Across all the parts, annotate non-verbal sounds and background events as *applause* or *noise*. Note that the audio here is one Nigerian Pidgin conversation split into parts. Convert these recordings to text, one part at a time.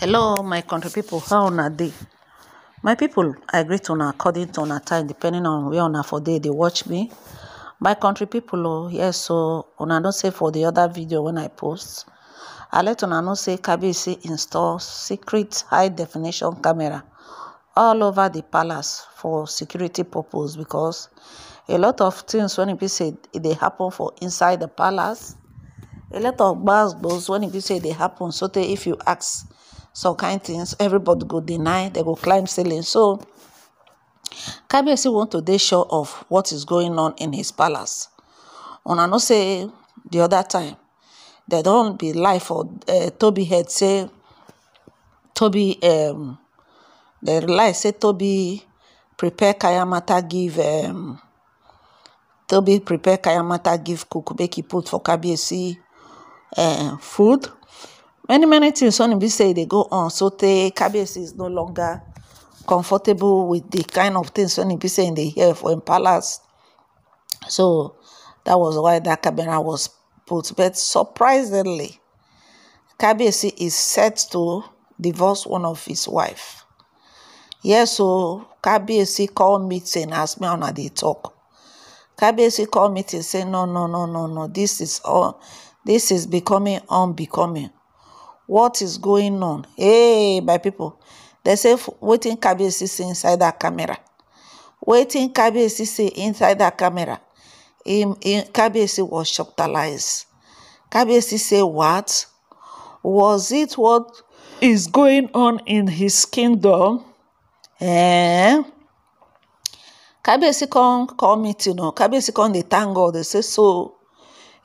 hello my country people. how una dey my people, i greet una according to una time depending on where una for dey dey watch me my country people, o oh, yes so una don say for the other video when i post i let una know say kabisi install secret high definition camera all over the palace for security purpose because a lot of things when e be say e dey happen for inside the palace a lot of gbas gbos when e be say e dey happen sotey if you ask some kind things everybody go deny they go climb ceiling so kabiyesi want to dey sure of what is going on in his palace I know say the other time there don't be life. for eh, Toby head say Toby um, they lie say Toby prepare kayamata give um, Toby prepare kayamata give cook make put for kabiyesi uh, food many many things on be say they go on so tey kabiyesi is no longer comfortable with the kind of things on be say they hear for im palace so that was why that kabira was put but surprisingly kabiyesi is set to divorce one of his wife yes o kabiyesi call meeting as me una dey talk kabiyesi call meeting say no no no no no this is all this is becoming unbecoming what is going on hey my people, they say waiting kabiyesi say inside that camera Waiting kabiyesi say inside that camera In, im kabiyesi was shocktalized kabiyesi say what was it what is going on in his kingdom eh kabiyesi come call meeting know. kabiyesi come the thank god They say so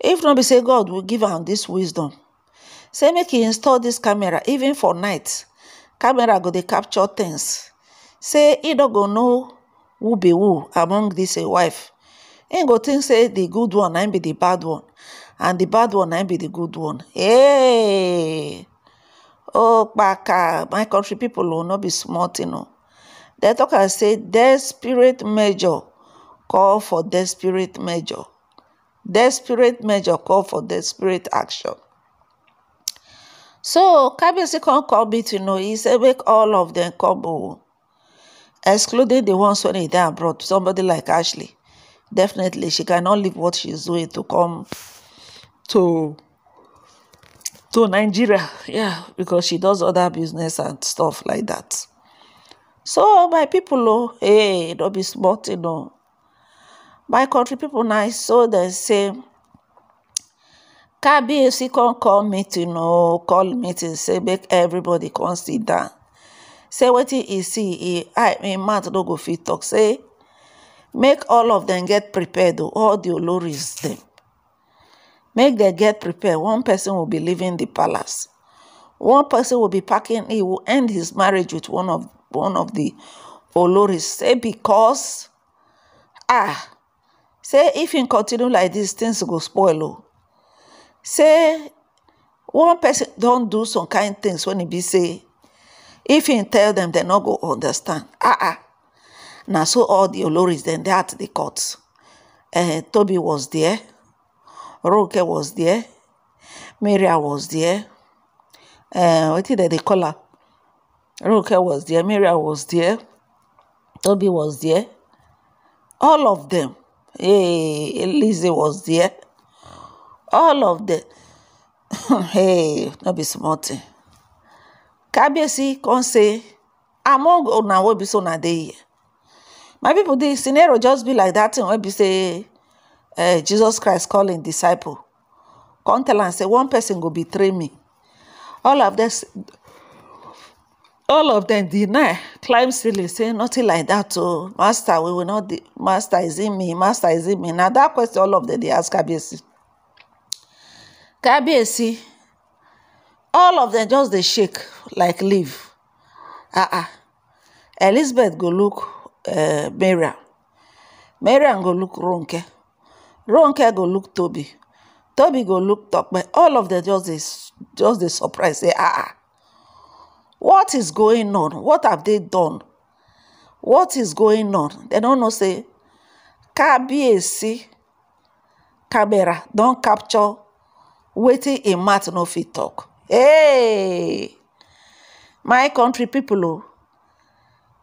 if not, be say god will give him this wisdom say make you install this camera even for night camera go dey capture things say do no go know who be who among this wife im go think say the good one na be the bad one and the bad one na be the good one hey oh baka, my country people will oh, not be smart, you know. They oh. talk am say desperate measure call for desperate measure desperate measure call for desperate action so kabiyesi come call meeting o he say make all of them come o excluding the ones wey dey abroad somebody like ashley definitely she cannot leave what she's doing to come to to nigeria yeah because she does other business and stuff like that so my people, oh, hey no be small tin o my country people, na so dem say kabiyesi can call meeting know. call meeting say make everybody consider. say what he see e eye im mouth go fit talk say make all of them get prepared oh, all the oloris them. make them get prepared one person will be leaving the palace one person will be packing he will end his marriage with one of one of the oloris say because ah say if he continue like this, things go spoil oh. say one person don do some kind things when e be say if im tell them, they no go understand ah ah na so all the oloris dem dey at the court Uh, Toby was there roke was there maria was there wetin dem dey call am roke was there maria was there Toby was there all of them. dem eh, Lizzie was there all of dem *laughs* hey no be small thing kabiyesi come say among una wey be so na day. my people the scenario just be like that and wey be say uh, jesus christ calling disciple come tell and say one person will betray me all of this. all of them deny climb ceiling say nothing like that Oh, master we will not master is in me master is in me Now that question all of them they ask kabiyesi see, all of them just they shake like leaf. Ah ah. Elizabeth go look uh, Mariam. Mariam go look Ronke. Ronke go look Toby, Toby go look But All of them just dey just the surprise say ah ah. What is going on? What have they done? What is going on? They don't know say Kabiyesi camera don't capture Waiting in mouth no fit talk. hey my country people. Oh.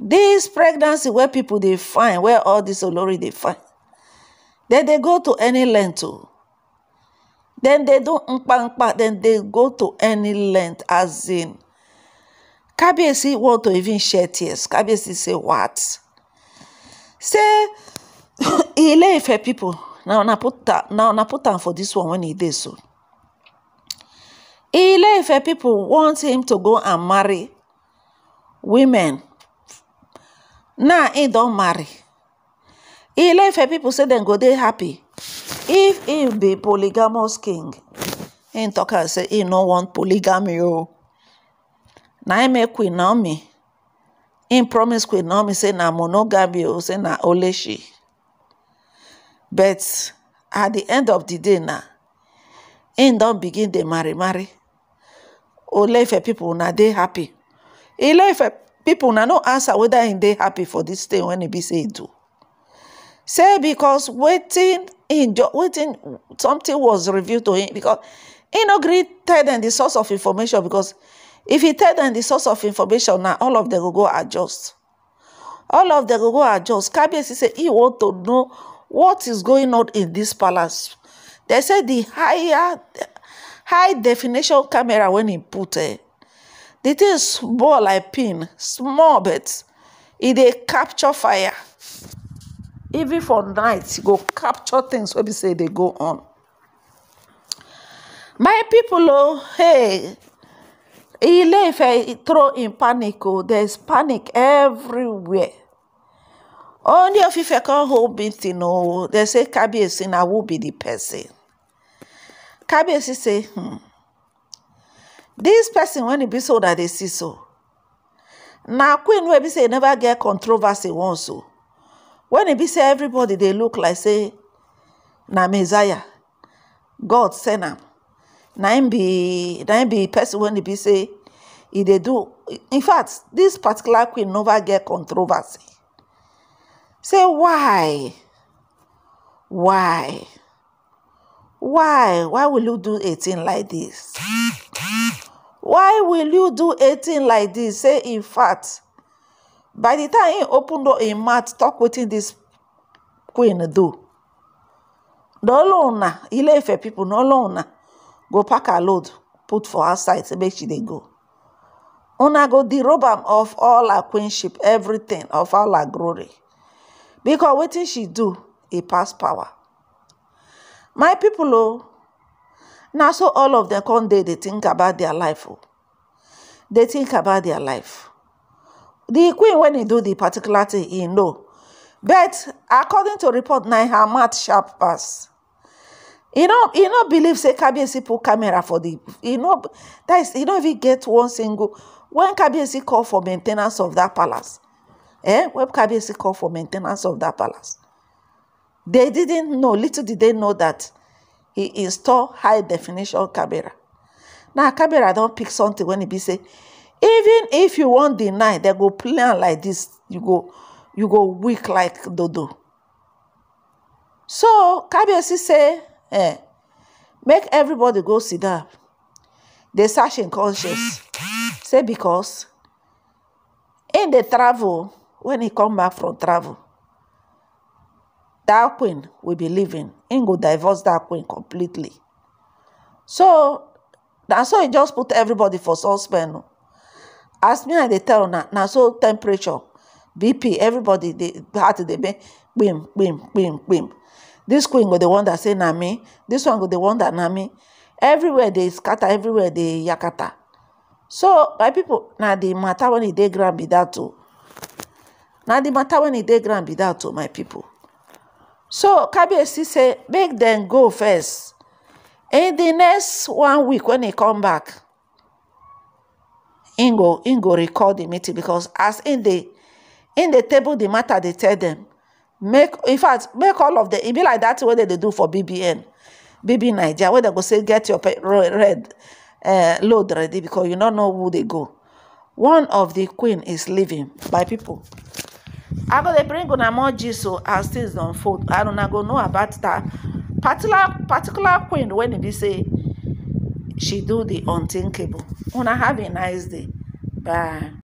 this pregnancy where people they find where all this olori they find Then they go to any length o oh. dem dey do mkpamkpa Then they go to any length as in KBC want to even shed tears kabiyesi say what say *coughs* ile ife people. na una put am for this one when he dey so Ileife people want him to go and marry women. Now he don't marry. Ileife people say then go they happy. If he be polygamous king, he talk and say he no want polygamy. Oh. Now he make Queen Naomi. He promise Queen Naomi say na monogamy, say na only she. But at the end of the day now, he don't begin the marry marry. Oleife oh, people, now they happy. Ileife people, now no answer whether in they happy for this thing when it be say do. Say because waiting in waiting something was revealed to him because he no gree tell them the source of information because if he tell them the source of information now all of them will go adjust all of them will go adjust kabiyesi say he want to know what is going on in this palace they say the higher high definition camera when he put it. The thing small like pin, small but it they capture fire. Even for night, e go capture things when be say they go on. My people oh, hey, if I throw in panic oh, there's panic everywhere. Only of can't hold you oh, they say Kabiyesi I will be the person. Kabiyesi say, hmm, person when he be so that they see so, Now queen will be say never get controversy once so. When he be say everybody they look like say na Messiah, God send am. Na im be na im be person when he be say if they do. In fact, this particular queen never get controversy. Say why? Why? why why will you do a thing like this? why will you do a thing like this? say in fact by the time he opened door im mouth tok wetin this queen do n'olona ileife pipo n'olona go pack her load put for outside make she dey go una go derobe am of all her queenship everything of all her glory because wetin she do e pass power my people o oh, na so all of them, come dey dey think about their life o oh. dey think about their life The queen when he do the particular thing e know but according to report na her mouth sharp pass e no believe say kabiyesi put camera for the, e no that is e no even get one single When kabiyesi call for main ten ance of that palace eh When kabiyesi call for main ten ance of that palace They didn't know, little did they know that he installed high definition camera. Now, camera don't pick something when he be say, even if you won't deny, they go plan like this. You go, you go weak like dodo. So Kabiyesi say, eh, make everybody go sit down. They search in conscience. say because in the travel, when he come back from travel, That queen will be leaving. im go divorce dat queen completely so na so he just put everybody for suspense as me i they tell now. Now so temperature bp everybody dey heart dey make kpim kpim kpim kpim This queen go one that say na me dis one go dey wonder na me everywhere they scatter everywhere they yakata so my people now the mata wen e dey ground be dat o oh. na di mata wen e dey be dat o oh, my people so kabiyesi say make dem go first in di next one week wen e come back im go go record di meeting becos as im dey table di matter dey tell dem make in fact make all of dem e be like dat wey dem dey do for bbn bb naija wey dem go say get your red eh, load ready becos you no know who dey go one of di queen is leaving by pipo i go dey bring una more gist to oh, as season don i and na go know about dat particular queen wen e be say she do di unthinkable una have a nice day bye.